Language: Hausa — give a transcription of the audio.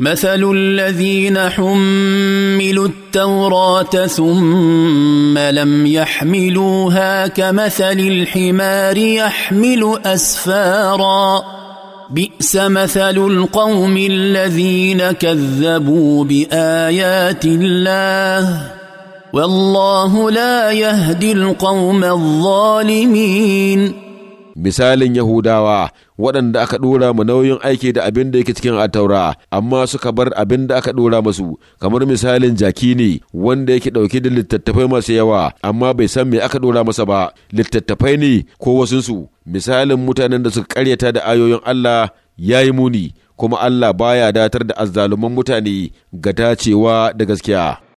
مثل الذين حملوا التوراه ثم لم يحملوها كمثل الحمار يحمل اسفارا بئس مثل القوم الذين كذبوا بايات الله والله لا يهدي القوم الظالمين misalin Yahudawa waɗanda aka ɗora mu nauyin aiki da abin da yake cikin attaura amma suka bar abin da aka ɗora masu kamar misalin jaki ne wanda yake ɗauke da littattafai masu yawa amma bai san me aka ɗora masa ba littattafai ne ko wasunsu misalin mutanen da suka karyata da ayoyin Allah ya yi muni kuma Allah baya datar da azzaluman mutane ga dacewa da gaskiya.